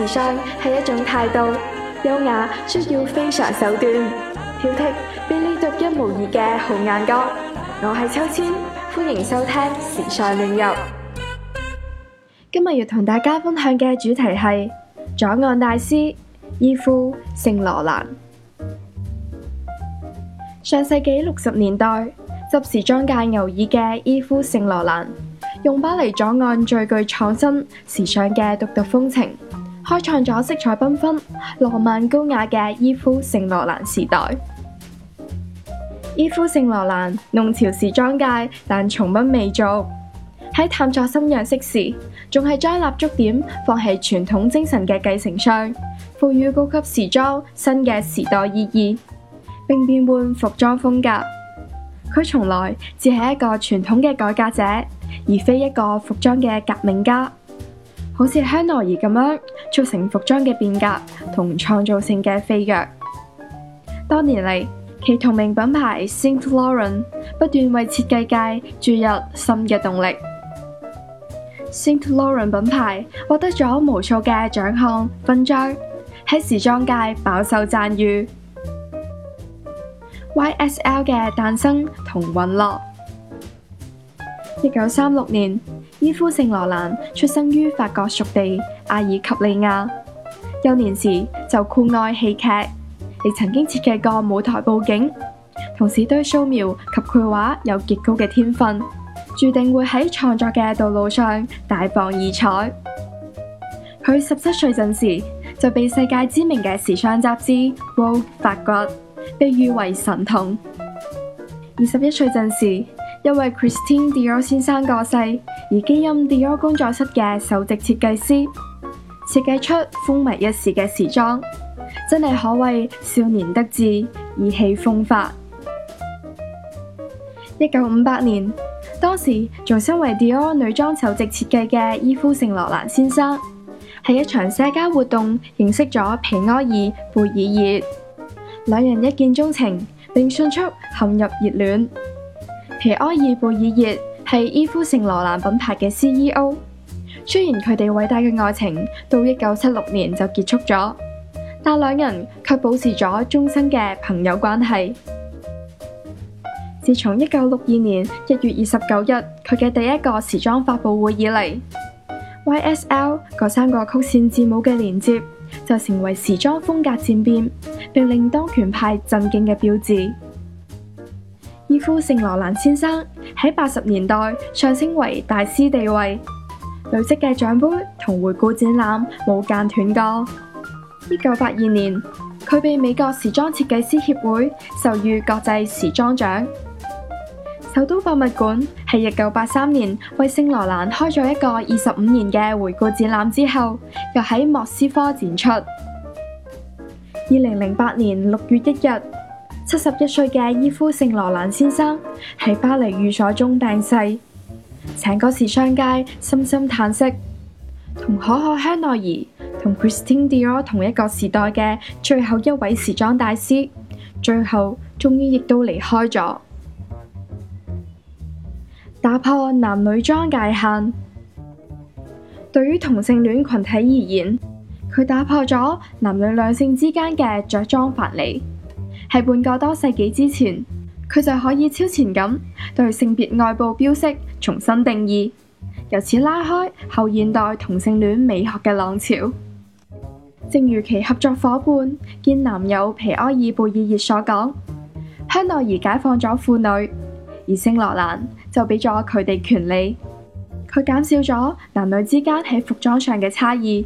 時尚係一種態度，優雅需要非常手段，挑剔俾你獨一無二嘅紅眼光。我係秋千，歡迎收聽時尚亂入。今日要同大家分享嘅主題係左岸大師伊夫聖羅蘭。上世紀六十年代，執時裝界牛耳嘅伊夫聖羅蘭，用巴黎左岸最具創新時尚嘅獨特風情。開創咗色彩繽紛、浪漫高雅嘅伊夫聖羅蘭時代。伊夫聖羅蘭弄潮時裝界，但從不媚俗。喺探索新樣式時，仲係將立足點放喺傳統精神嘅繼承上，賦予高級時裝新嘅時代意義，並變換服裝風格。佢從來只係一個傳統嘅改革者，而非一個服裝嘅革命家。好似香奈兒咁樣，促成服裝嘅變革同創造性嘅飛躍。多年嚟，其同名品牌 Saint Laurent 不斷為設計界注入新嘅動力。Saint Laurent 品牌獲得咗無數嘅獎項勳章，喺時裝界飽受讚譽。YSL 嘅誕生同隕落。一九三六年。伊夫聖羅蘭出生於法國屬地阿爾及利亞，幼年時就酷愛戲劇，亦曾經設計過舞台布景，同時對素描及繪畫有極高嘅天分，注定會喺創作嘅道路上大放異彩。佢十七歲陣時就被世界知名嘅時尚雜誌《Vogue》發掘，被譽為神童。二十一歲陣時。因為 Christine Dior 先生過世，而兼任 Dior 工作室嘅首席設計師，設計出風靡一時嘅時裝，真係可謂少年得志、意氣風發。一九五八年，當時仲身為 Dior 女裝首席設計嘅伊夫聖羅蘭先生，喺一場社交活動認識咗皮埃爾貝爾熱，兩人一見鍾情，並迅速陷入熱戀。皮埃爾·貝爾熱係伊夫聖羅蘭品牌嘅 CEO。雖然佢哋偉大嘅愛情到一九七六年就結束咗，但兩人卻保持咗終身嘅朋友關係。自從一九六二年一月二十九日佢嘅第一個時裝發佈會以嚟，YSL 嗰三個曲線字母嘅連接就成為時裝風格漸變並令當權派震驚嘅標誌。伊夫聖羅蘭先生喺八十年代上升為大師地位，累積嘅獎杯同回顧展覽冇間斷過。一九八二年，佢被美國時裝設計師協會授予國際時裝獎。首都博物館喺一九八三年為聖羅蘭開咗一個二十五年嘅回顧展覽之後，又喺莫斯科展出。二零零八年六月一日。七十一歲嘅伊夫聖羅蘭先生喺巴黎寓所中病逝，成個時尚界深深嘆息，同可可香奈兒、同 Christian Dior 同一個時代嘅最後一位時裝大師，最後終於亦都離開咗，打破男女裝界限。對於同性戀群體而言，佢打破咗男女兩性之間嘅着裝藩籬。喺半個多世紀之前，佢就可以超前咁對性別外部標識重新定義，由此拉開後現代同性戀美學嘅浪潮。正如其合作伙伴兼男友皮埃爾·貝爾熱所講，香奈兒解放咗婦女，而聖洛朗就俾咗佢哋權利。佢減少咗男女之間喺服裝上嘅差異，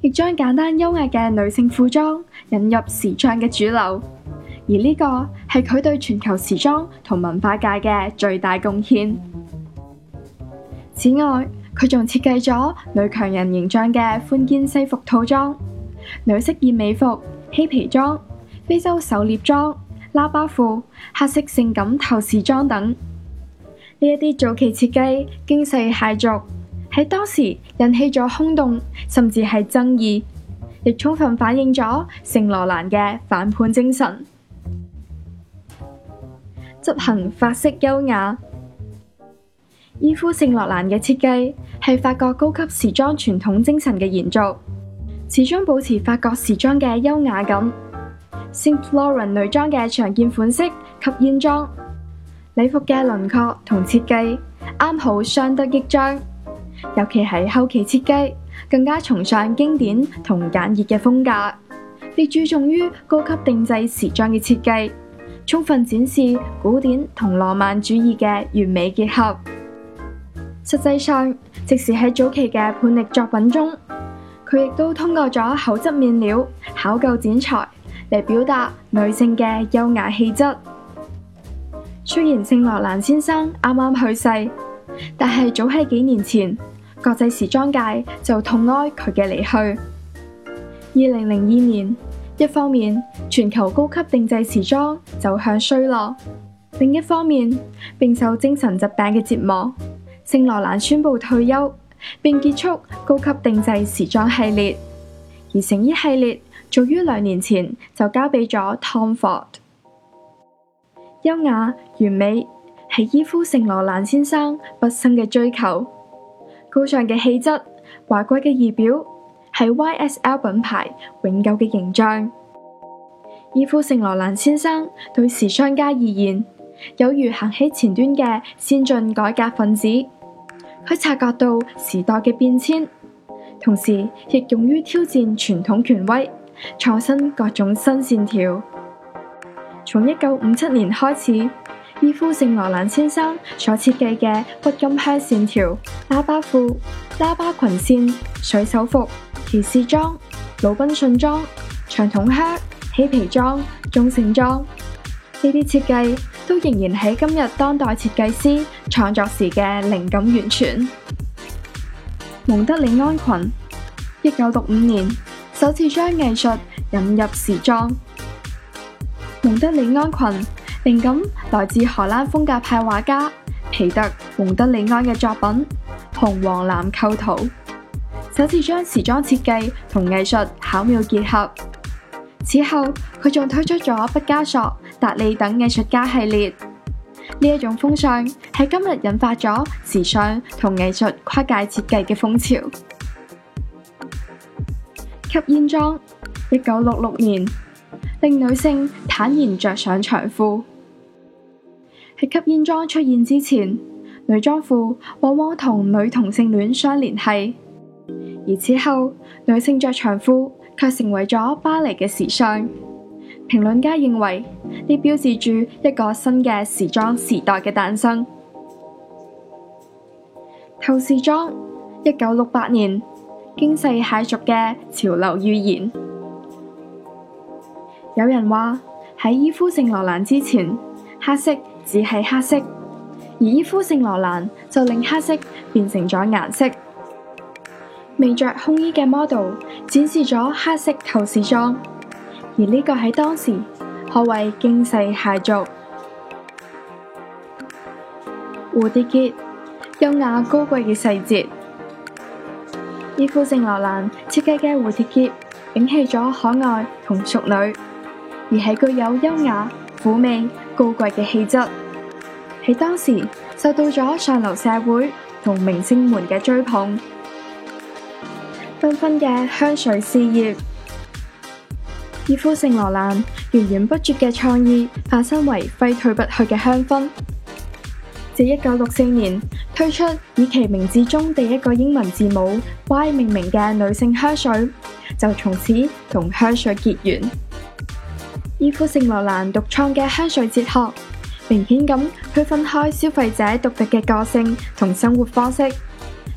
亦將簡單優雅嘅女性褲裝引入時尚嘅主流。而呢個係佢對全球時裝同文化界嘅最大貢獻。此外，佢仲設計咗女強人形象嘅寬肩西服套裝、女式燕尾服、嬉皮裝、非洲狩獵裝、喇叭褲、黑色性感透視裝等呢啲早期設計，驚世駭俗，喺當時引起咗轟動，甚至係爭議，亦充分反映咗聖羅蘭嘅反叛精神。執行法式優雅，伊夫聖洛蘭嘅設計係法國高級時裝傳統精神嘅延續，始終保持法國時裝嘅優雅感。Saint Laurent 女裝嘅常見款式及燕裝禮服嘅輪廓同設計啱好相得益彰，尤其係後期設計更加崇尚經典同簡約嘅風格，亦注重於高級定製時裝嘅設計。充分展示古典同浪漫主義嘅完美結合。實際上，即使喺早期嘅叛逆作品中，佢亦都通過咗厚質面料、考究剪裁嚟表達女性嘅優雅氣質。雖然聖羅蘭先生啱啱去世，但係早喺幾年前，國際時裝界就痛哀佢嘅離去。二零零二年。一方面，全球高級定製時裝走向衰落；另一方面，並受精神疾病嘅折磨，聖羅蘭宣布退休，並結束高級定製時裝系列，而成衣系列早於兩年前就交俾咗 Tom Ford。優雅、完美係伊夫聖羅蘭先生畢生嘅追求，高尚嘅氣質、華貴嘅儀表，係 YSL 品牌永久嘅形象。伊夫聖羅蘭先生對時尚家而言，有如行起前端嘅先進改革分子。佢察覺到時代嘅變遷，同時亦勇於挑戰傳統權威，創新各種新線條。從一九五七年開始，伊夫聖羅蘭先生所設計嘅鬱金香線條、喇叭褲、喇叭裙線、水手服。騎士裝、魯賓遜裝、長筒靴、嬉皮裝、中性裝，呢啲設計都仍然喺今日當代設計師創作時嘅靈感源泉。蒙德里安裙，一九六五年首次將藝術引入時裝。蒙德里安裙，靈感來自荷蘭風格派畫家皮特·蒙德里安嘅作品，紅黃藍構圖。首次將時裝設計同藝術巧妙結合。此後，佢仲推出咗畢加索、達利等藝術家系列。呢種風尚喺今日引發咗時尚同藝術跨界設計嘅風潮。吸煙裝一九六六年令女性坦然着上長褲。喺吸煙裝出現之前，女裝褲往往同女同性戀相聯繫。而此後，女性着長褲卻成為咗巴黎嘅時尚。評論家認為，呢標誌住一個新嘅時裝時代嘅誕生。透視裝，一九六八年，驚世駭俗嘅潮流預言。有人話喺伊夫聖羅蘭之前，黑色只係黑色，而伊夫聖羅蘭就令黑色變成咗顏色。未着胸衣嘅 model 展示咗黑色透視裝，而呢個喺當時可謂驚世駭俗。蝴蝶結優雅高貴嘅細節，伊夫聖羅蘭設計嘅蝴蝶結，摒棄咗可愛同淑女，而係具有優雅、嫵媚、高貴嘅氣質，喺當時受到咗上流社會同明星們嘅追捧。繽紛嘅香水事業，伊夫聖羅蘭源源不絕嘅創意，化身為揮退不去嘅香薰。自一九六四年推出以其名字中第一個英文字母 Y 命名嘅女性香水，就從此同香水結緣。伊夫聖羅蘭獨創嘅香水哲學，明顯咁區分開消費者獨特嘅個性同生活方式，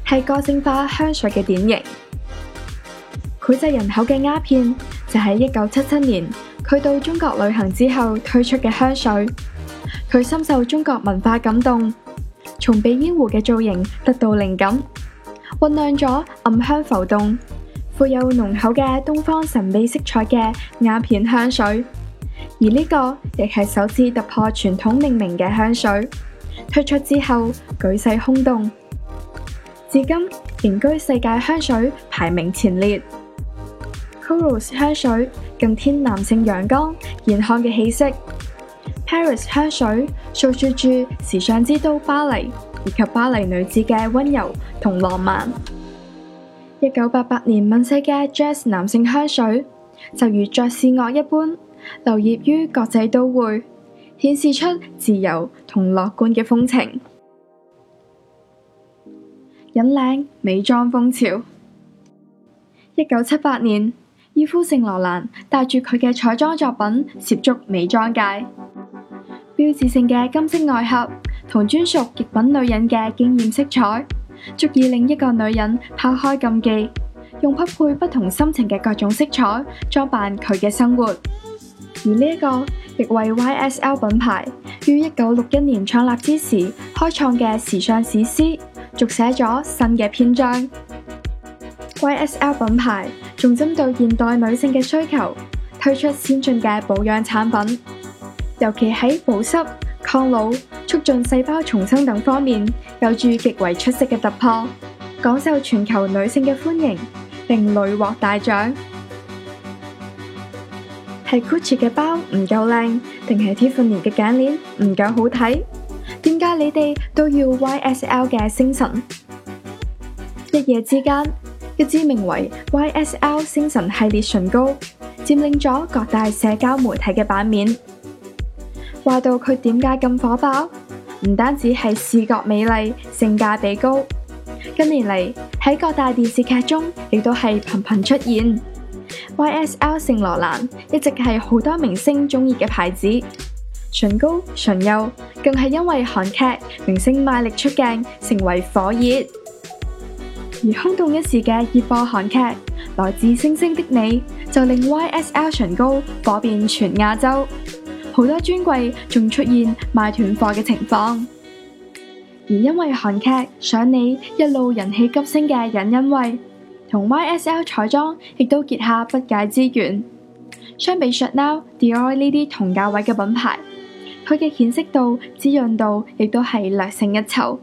係個性化香水嘅典型。膾炙人口嘅鴉片,就係1977年,佢到中國旅行之後,推出嘅香水,佢深受中國文化感動,從鼻煙壺嘅造型得到靈感,醞釀咗暗香浮動、富有濃厚嘅東方神秘色彩嘅鴉片香水。而呢個亦係首次突破傳統命名嘅香水,推出之後舉世轟動,至今仍居世界香水排名前列。Kouros 香水更添男性陽光、健康嘅氣息。Paris 香水訴説住時尚之都巴黎以及巴黎女子嘅温柔同浪漫。一九八八年問世嘅 Jazz 男性香水，就如爵士樂一般流溢於國際都會，顯示出自由同樂觀嘅風情。引領美妝風潮。一九七八年。伊夫聖羅蘭帶住佢嘅彩妝作品，涉足美妝界。標誌性嘅金色外盒同專屬極品女人嘅驚艷色彩，足以令一個女人拋開禁忌，用匹配不同心情嘅各種色彩，裝扮佢嘅生活。而呢、這、一個亦為 YSL 品牌於一九六一年創立之時，開創嘅時尚史詩，續寫咗新嘅篇章。YSL 品牌。，仲針對現代女性嘅需求，推出先進嘅保養產品，尤其喺保濕、抗老、促進細胞重生等方面，有住極為出色嘅突破，廣受全球女性嘅歡迎，並屢獲大獎。係 Gucci 嘅包唔夠靚，定係 Tiffany 嘅頸鏈唔夠好睇？點解你哋都要 YSL 嘅星辰？一夜之間一支名為 YSL 星辰系列唇膏，佔領咗各大社交媒體嘅版面。話到佢點解咁火爆？唔單止係視覺美麗、性價比高，近年嚟喺各大電視劇中亦都係頻頻出現。YSL 聖羅蘭一直係好多明星中意嘅牌子，唇膏、唇釉更係因為韓劇明星賣力出鏡，成為火熱。而轟動一時嘅熱火韓劇《來自星星的你》，就令 YSL 唇膏火遍全亞洲，好多專櫃仲出現賣斷貨嘅情況。而因為韓劇《想你》一路人氣急升嘅尹恩惠，同 YSL 彩妝亦都結下不解之緣。相比 Chanel、Dior 呢啲同價位嘅品牌，佢嘅顯色度、滋潤度亦都係略勝一籌。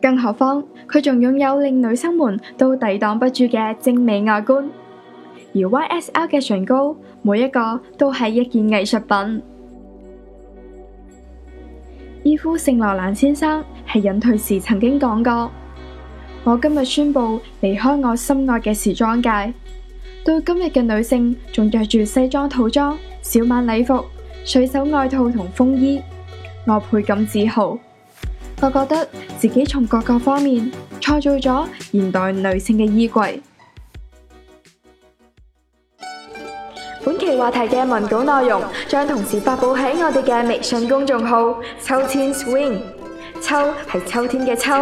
更何況佢仲擁有令女生們都抵擋不住嘅精美外觀，而 YSL 嘅唇膏每一個都是一件藝術品。伊夫聖羅蘭先生喺隱退時曾經講過：我今日宣布離開我心愛嘅時裝界。對今日嘅女性仲着住西裝套裝、小晚禮服、水手外套同風衣，我倍感自豪。我覺得自己從各個方面創造咗現代女性嘅衣櫃。本期話題嘅文稿內容將同時發布喺我哋嘅微信公眾號“秋千 swing”。秋係秋天嘅秋，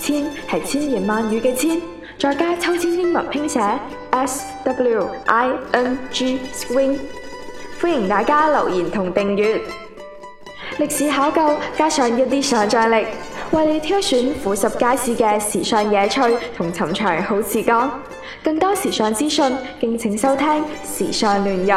千係千言萬語嘅千，再加秋千英文拼寫 S W I N G swing。歡迎大家留言同訂閱。歷史考究，加上一啲想像力，為你挑選俯拾皆是嘅時尚野趣同尋常好時光。更多時尚資訊，敬請收聽《時尚亂入》。